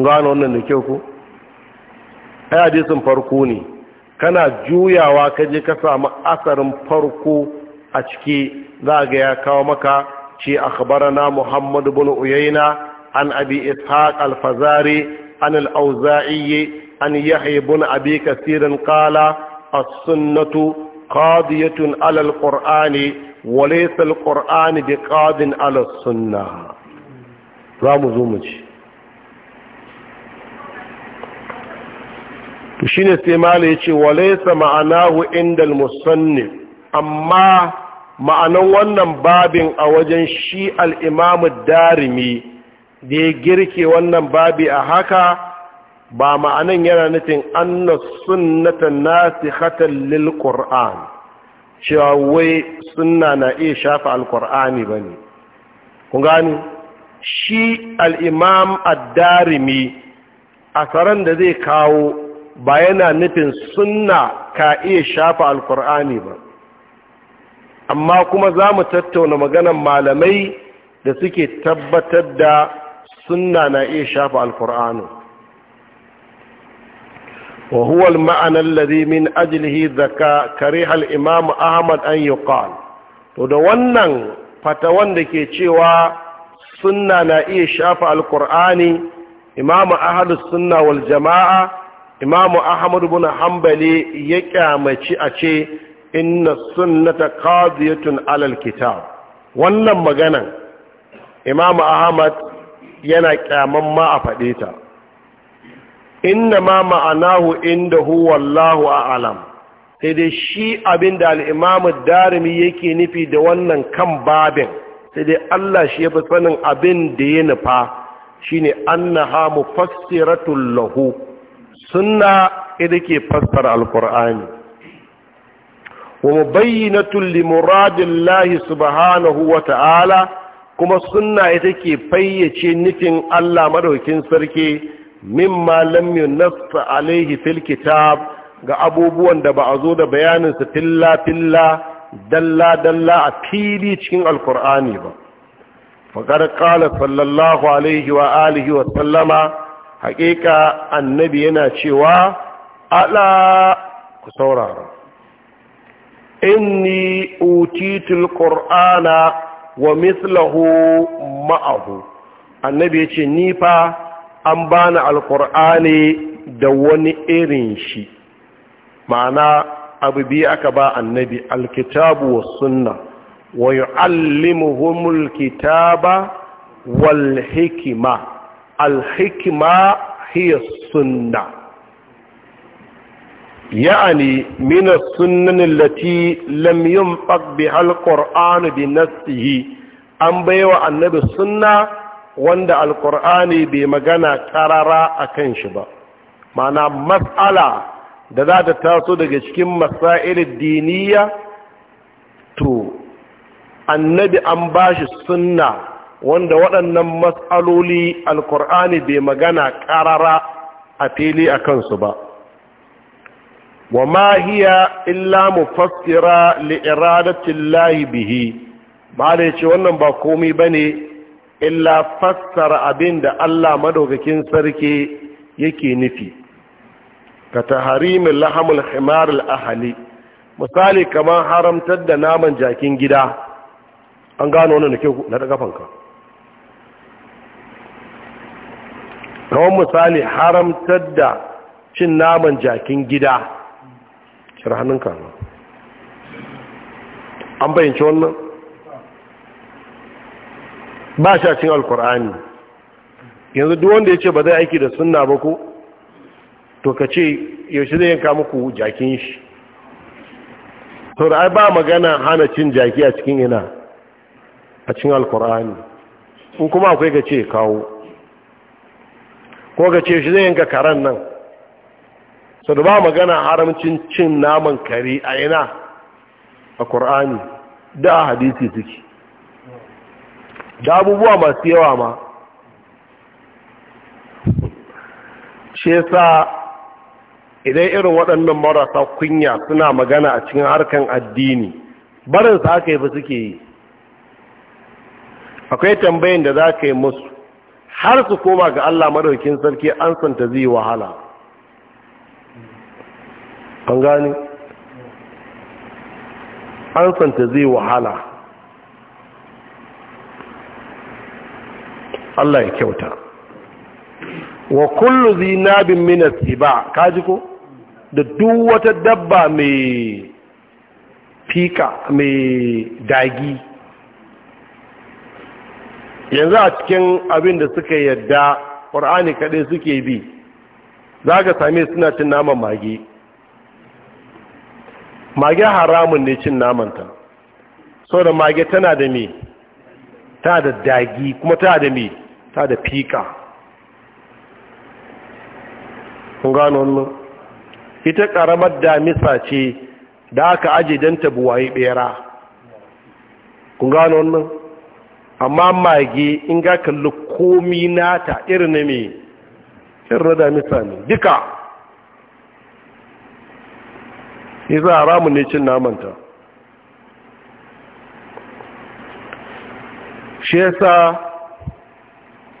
kun gano wannan da kyau ko ai hadisin farko ne kana juyawa ka je ka samu asarin farko a ciki za ga ya kawo maka ce akhbarana muhammad ibn uyayna an abi ishaq al-fazari an al-auza'i an yahya ibn abi kasir qala as-sunnatu qadiyatun ala al-qur'ani wa laysa al-qur'ani biqadin ala as-sunnah za mu zo mu ci to shine sai mala yace walaysa ma'anahu indal musannif amma ma'anan wannan babin a wajen shi al-imam darimi da ya girke wannan babi a haka ba ma'anan yana nufin anna sunnata nasikhatan lil qur'an cewa wai sunna na iya shafa al ba ne. kun gani shi al-imam ad-darimi a da zai kawo ba yana nufin sunna ka iya shafa alkur'ani ba amma kuma za mu tattauna maganan malamai da suke tabbatar da sunna na iya shafa alkur'ani wa huwa al-ma'ana alladhi min ajlihi zaka kariha al-imam ahmad an yuqal to da wannan fatawan da ke cewa sunna na iya shafa alkur'ani Imam ahlus sunna wal jama'a imamu Ahmadu bin hanbali ya kyamaci a ce inna sunnata qadiyatun alal kitab wannan maganan imamu ahmad yana kyaman ma a faɗe ta inna ma ma'anahu hu, wallahu a'lam sai dai shi abin da al'imamu darimi yake nufi da wannan kan babin sai dai Allah shi ya fi sanin abin da ya nufa shi ne an na hamu fassiratun lahu sunna ita ke fassara alkur'ani wa mubayyinatul li muradillahi subhanahu wa ta'ala kuma sunna ita ke fayyace nufin Allah madaukin sarki mimma lam yunassa alaihi fil kitab ga abubuwan da ba a zo da bayanin su filla filla dalla dalla a fili cikin alkur'ani ba faqad qala sallallahu alaihi wa alihi wa sallama haƙiƙa annabi yana cewa ala ku saurara inni utitul qur'ana wa mithluhu ma'ahu annabi yace ni fa an bani alqur'ani da wani irin shi ma'ana abu biyu aka ba annabi alkitabu was sunna wa yu'allimuhumul kitaba wal hikma alhikima hiya sunna ya'ani min as-sunnah allati lam yunfaq biha al-qur'an bi nafsihi an baiwa annabi sunna wanda alqur'ani bai magana ƙarara a kan shi ba ma'ana mas'ala da za ta taso daga cikin masailin diniya to annabi an bashi sunna wanda waɗannan matsaloli alkur'ani bai magana ƙarara a fili a kansu ba wa ma hiya illa mufassira li Lahi bihi ba da ce wannan ba komai ne, illa fassara abin da Allah madaukakin sarki yake nufi ka harimin lahamul himar ahali, misali kamar haramtar da naman jakin gida an gano wannan da ke na da fanka kawon misali haramtar da cin naman jakin gida hannun hannunka an bayyance wannan ba shi a cin alkur'ani yanzu duk wanda ya ce ba zai aiki da sunna ba ko to ka ce yaushe zai yanka muku jakin shi to da ai ba magana hana cin jaki a cikin ina a cin alkur'ani in kuma akwai ka ce kawo ko ka ce shi zai yanka karen nan so da ba magana haramcin cin naman kare a ina a ƙur'ani da a hadisi suke da abubuwa masu yawa ma shi sa idan irin waɗannan marasa kunya suna magana a cikin harkan addini barinsa aka yi fi suke yi akwai tambayin da za ka yi musu har su koma ga Allah madaukin sarki an santa zai wahala an gani an santa zai wahala Allah ya kyauta wa kullu zinabin minas siba kaji ko da duk wata dabba mai fika mai dagi yanzu a cikin abin da suka yadda ƙur'ani kaɗai suke bi za ka same suna cin naman mage mage haramun ne cin namanta sau da mage tana da me ta da dagi kuma ta da me ta da fika kun gano wannan ita ƙaramar damisa ce da aka ajiye don yi ɓera kun gano wannan amma mage in ga kalli komi nata irin na me irin da misali duka yi za a ramu ne cin namanta shi yasa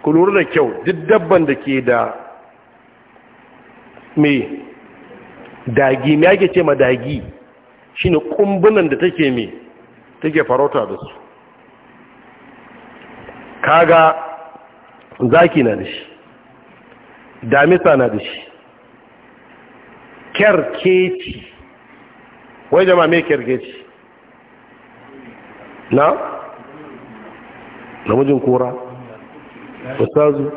ku lura da kyau duk dabban da ke da me. dagi me ake ce ma dagi shine kumbunan da take me take farauta da su kaga zaki na da shi damisa na da shi kerkeci wai jama mai kerkeci na? namijin kora ustazu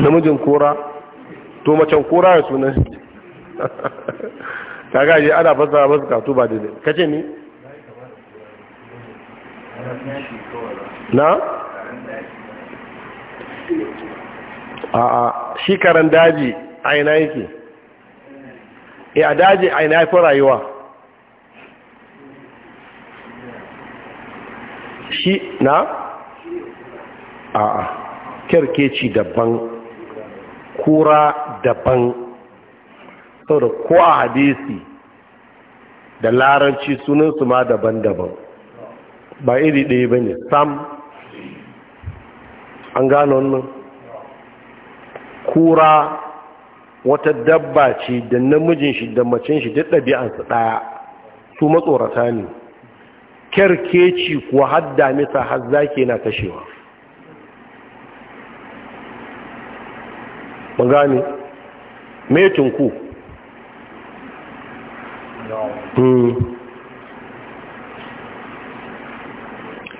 namijin kora to macen kora ya sunan kaga je ana fasa masu katu ba daidai kace ne? na? a'a shi karan daji ina yake e a daji a ya fi rayuwa shi na a'a kerkeci daban kura daban sau da ko a hadisi da laranci sunansu ma daban-daban ba iri ɗaya ba ne sam an gano wannan kura wata dabba ce da namijin shi da macin shi duk ɗabi'ansu ɗaya su matsorata ne kyarkeci kuwa har damisa har zaki na kashewa magani ku? Hmm.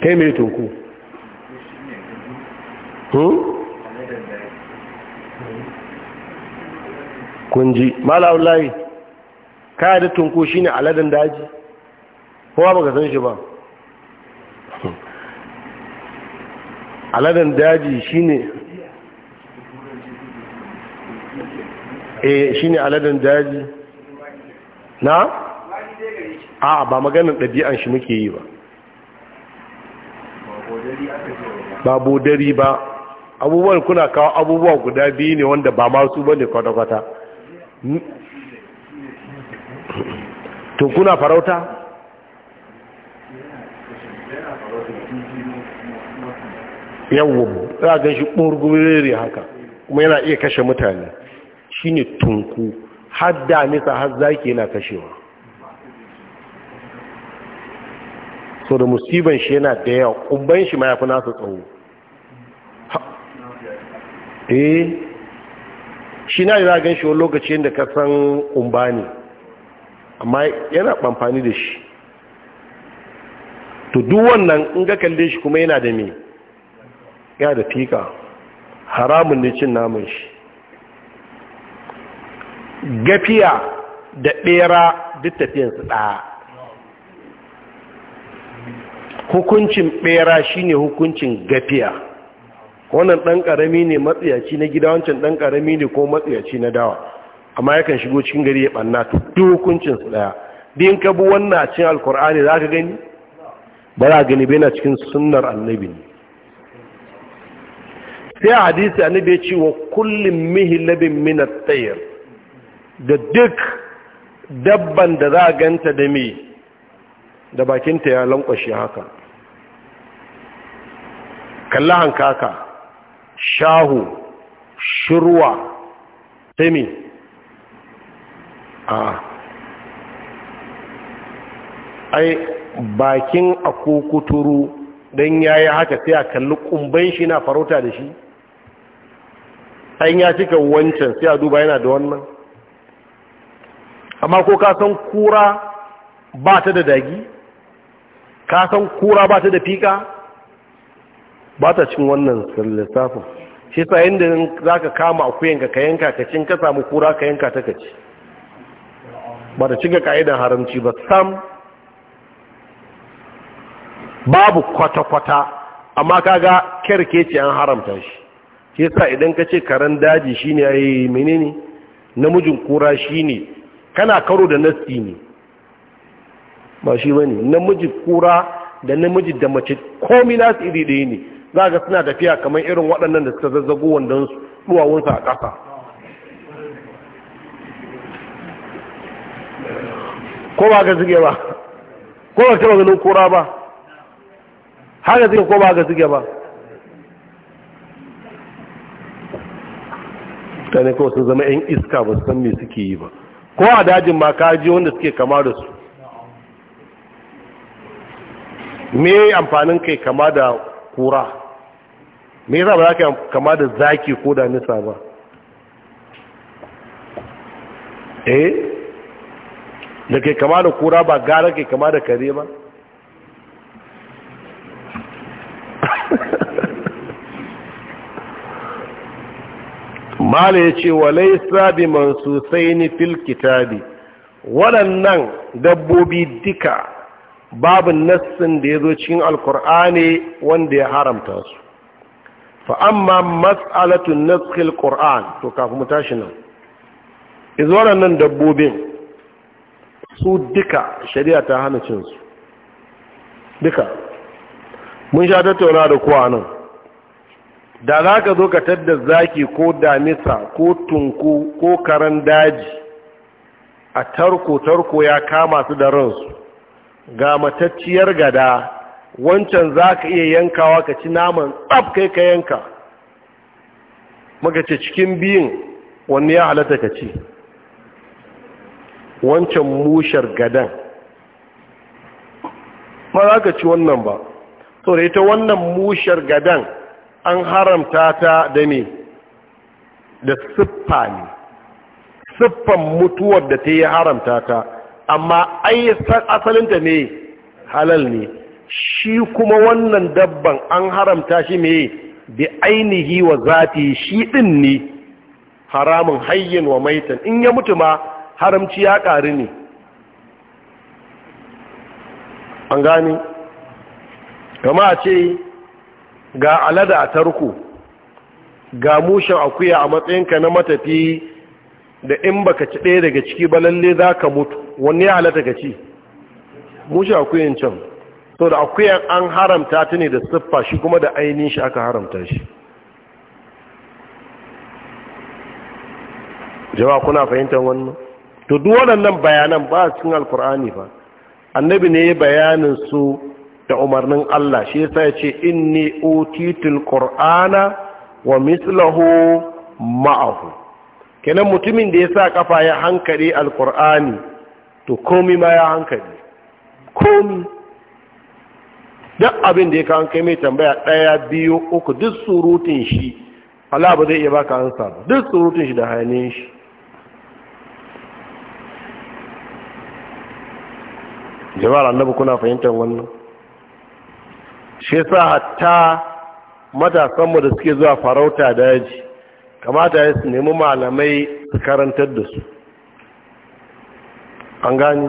kai metin hmm? Kunji mala wallahi layi kaya da tunko shine aladan daji kowa baka san shi ba aladan daji shine eh shine aladan daji na a ba maganin ɗabi'an shi muke yi ba ba bodari ba abubuwan kuna kawo abubuwa guda biyu ne wanda ba masu ba ne kwata-kwata to kuna farauta yawo za a ganshi ɓurgurere haka kuma yana iya kashe mutane shi ne tunku har nisa har zaki yana kashewa so da musiban shi yana da yawa ƙubban shi ma ya fi nasa tsawo eh shi na yana gan shi wani lokaci yadda ka san umba ne amma yana amfani da shi to duk wannan in ga kalle shi kuma yana da me yana da fika haramun ne cin naman shi gafiya da ɓera duk tafiyansu ɗaya hukuncin ɓera shine hukuncin gafiya wannan ɗan ƙarami ne matsiyaci na gida wancan ɗan ƙarami ne ko matsiyaci na dawa amma yakan shigo cikin gari ya ɓanna to dokuncinsu ɗaya din ka bi wannan a cikin alkur'ani za ka gani ba za gani bai na cikin sunnar annabi ne sai a hadisi annabi ya ce wa kullum mihilabin labin at-tayr da duk dabban da za a ganta da me da bakinta ya lankwashe haka kalla hankaka shahu shirwa sai a ai bakin akokuturu don ya yi haka sai a kalli kumban shi na farauta da shi an ya cika wancan sai a duba yana da wannan amma ko ka kura ba ta da dagi ka kura ba ta da fika ba ta cin wannan lissafin shi sa inda za ka kama akuyanka ka yanka ka cin ka samu kura ka yanka ta kaci ba ta cika ka'idan haramci ba sam babu kwata-kwata amma ka ga kyarke ce an haramta shi shi sa idan ka ce karen daji shine ai menene namijin kura shine kana karo da nasti ne ba shi ne namijin kura da namijin da mace komi nasu iri ɗaya ne za ga suna tafiya kamar irin waɗannan da suka zazzago wandon duwawunsa a ƙasa ko ba ga zige ba ko ba ta ganin kura ba haka zige ko ba ga zige ba ta ne kawai sun zama 'yan iska ba san me suke yi ba ko a dajin ma kaji wanda suke kama da su me amfanin kai kama da kura me yasa ba za ka kama da zaki ko da nisa ba eh da ke kama da kura ba gara ke kama da kare ba mala ya ce wa laisa bi sai ni fil kitabi waɗannan dabbobi duka babu nassin da ya zo cikin alkur'ani wanda ya haramta su fa'amma matsalatun nasskil ƙur'an to kafin tashi nan izuwanan nan dabbobin su duka shari'a ta hana cinsu duka mun sha tattauna da kuwa nan da za ka zo ka tadda zaki ko damisa ko tunku ko karen daji a tarko-tarko ya kama su da ransu ga matacciyar gada wancan za ka iya yankawa ka ci naman tsab kai ka yanka magace cikin biyun wani ya halatta ka ci wancan mushar gadan ma za ka ci wannan ba so da ita wannan mushar gadan an haramta ta da ne da siffa ne siffan mutuwar da ta yi haramta ta amma ai asalinta me halal ne shi kuma wannan dabban an haramta shi me bi ainihi wa zati shi din ne haramun hayyin wa maitan in ya mutu ma haramci ya ƙari ne an gani kama ce ga alada a tarko ga mushen akuya a matsayinka na matafi da in baka ci ɗaya daga ciki ba lalle za ka mutu wani ya halatta ka ci mushi akuyan can so da akuyan an haramta ta ne da siffa shi kuma da ainihin shi aka haramta shi jama'a kuna fahimtar wannan to duk waɗannan bayanan ba a cikin alkur'ani ba annabi ne ya bayanin su da umarnin Allah shi yasa ya ce inni utitul qur'ana wa mislahu ma'ahu kenan mutumin da ya sa kafa ya hankali alkur'ani to komi ma ya hankali komi duk abin da ya kawo kai mai tambaya ɗaya biyu uku duk surutun shi Allah zai iya baka ansa ba duk surutun shi da hannun shi jama'ar annabu kuna fahimtar wannan shi sa hatta matasanmu da suke zuwa farauta daji kamata ya su nemi malamai su karantar da su an gani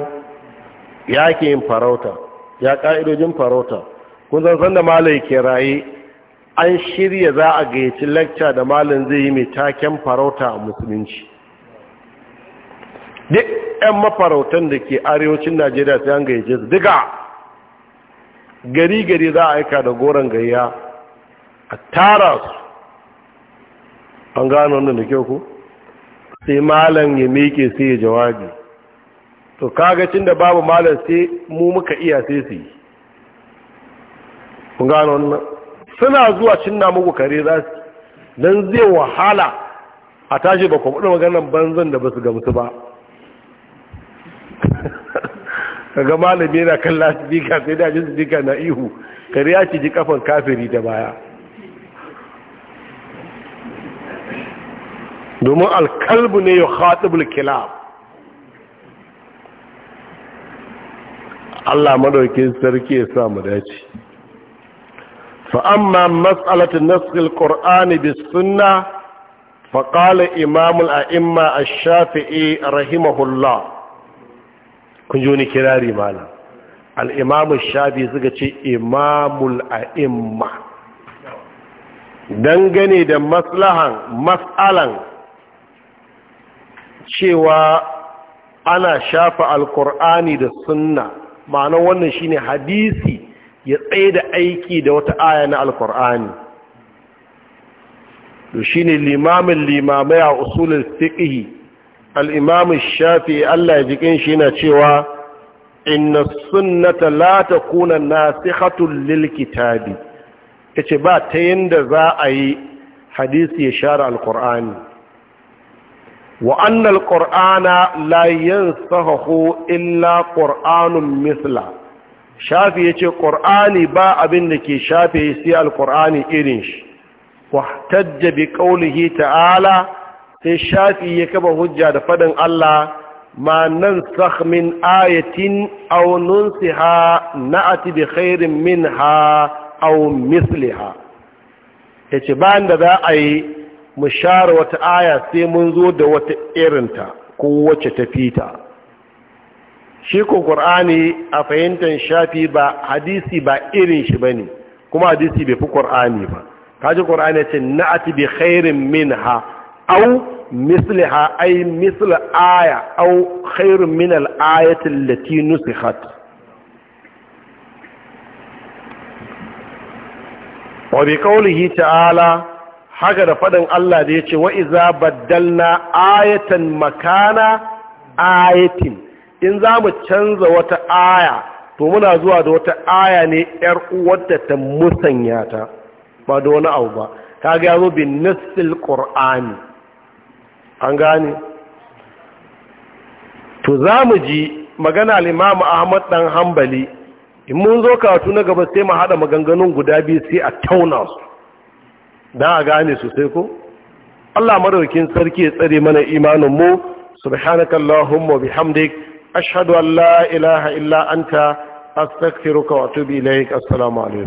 ya ke yin farauta ya ƙa'idojin farauta kun san da malai ke raye an shirya za a gayyaci lacca da malin zai yi mai taken farauta a musulunci duk 'yan mafarautan da ke arewacin najeriya sai an gayyace su duka gari-gari za a aika da goron gayya a tara su an gano wannan da kyau ko sai malam ya meke sai ya jawabi to kaga cin da babu malam sai mu muka iya sai su yi kun gano wannan suna zuwa cinna muku kare za su don zai wahala a tashi ba kwaɓaɗa maganar banzan da ba su gamsu ba kaga malami yana kan dika sai da dika na ihu kare ya ci ji kafan kafiri da baya domin alkalbu ne ya haɗu kilab Allah madaukin sarki ya sa dace fa amma mas'alatu nasl qur'ani bis sunnah fa qala imam al-a'imma ash-shafi'i rahimahullah kun ji kirari malam al-imam suka ce imamul a'imma dangane da maslahan mas'alan cewa ana shafa alkur'ani da sunna ma'anar wannan shine hadisi ya tsaye da aiki da wata aya na alkur'ani shi ne limamin limamai a usulul fiqh al-imam shafi Allah ya jikin shi na cewa inna sunnata la takuna nasikhatun lil kitabi ce ba ta yanda za a yi hadisi ya share alkur'ani wa ƙur'ana qur'ana la yansahu illa ƙur'anun misla shafi yace ƙur'ani ba abin da ke shafe sai alqur'ani irin shi wahtajja bi qawlihi ta'ala sai shafi ya kaba hujja da faɗin Allah ma nansakh min ayatin aw nunsiha na'ati bi khairin minha aw misliha yace bayan da za a yi mu share wata aya sai mun zo da wata irinta ko wacce ta fita shi ko qur'ani a fahimtar shafi ba hadisi ba irin shi bane kuma hadisi bai fi qur'ani ba kaji qur'ani ce na'ati bi khairin minha aw misliha ay misl aya aw khairun min al ayati allati nusikhat wa bi qawlihi ta'ala haka da faɗin Allah da ya ce wa iza baddalna ayatan makana ayatin in za mu canza wata aya to muna zuwa da wata aya ne ‘yar wadda ta musanya ta ba da wani abu ba ka ga zo bin nassil qurani an gane to za mu ji magana limamu ahmad ɗan hambali in mun zo karatu na gaba sai mu haɗa maganganun guda biyu sai a tauna su da a gane sosai ko Allah madaukin sarki ya tsare mana imanin mu subhanakallahumma bihamdik ashhadu an la ilaha illa anta astaghfiruka wa atubu ilaik assalamu alaikum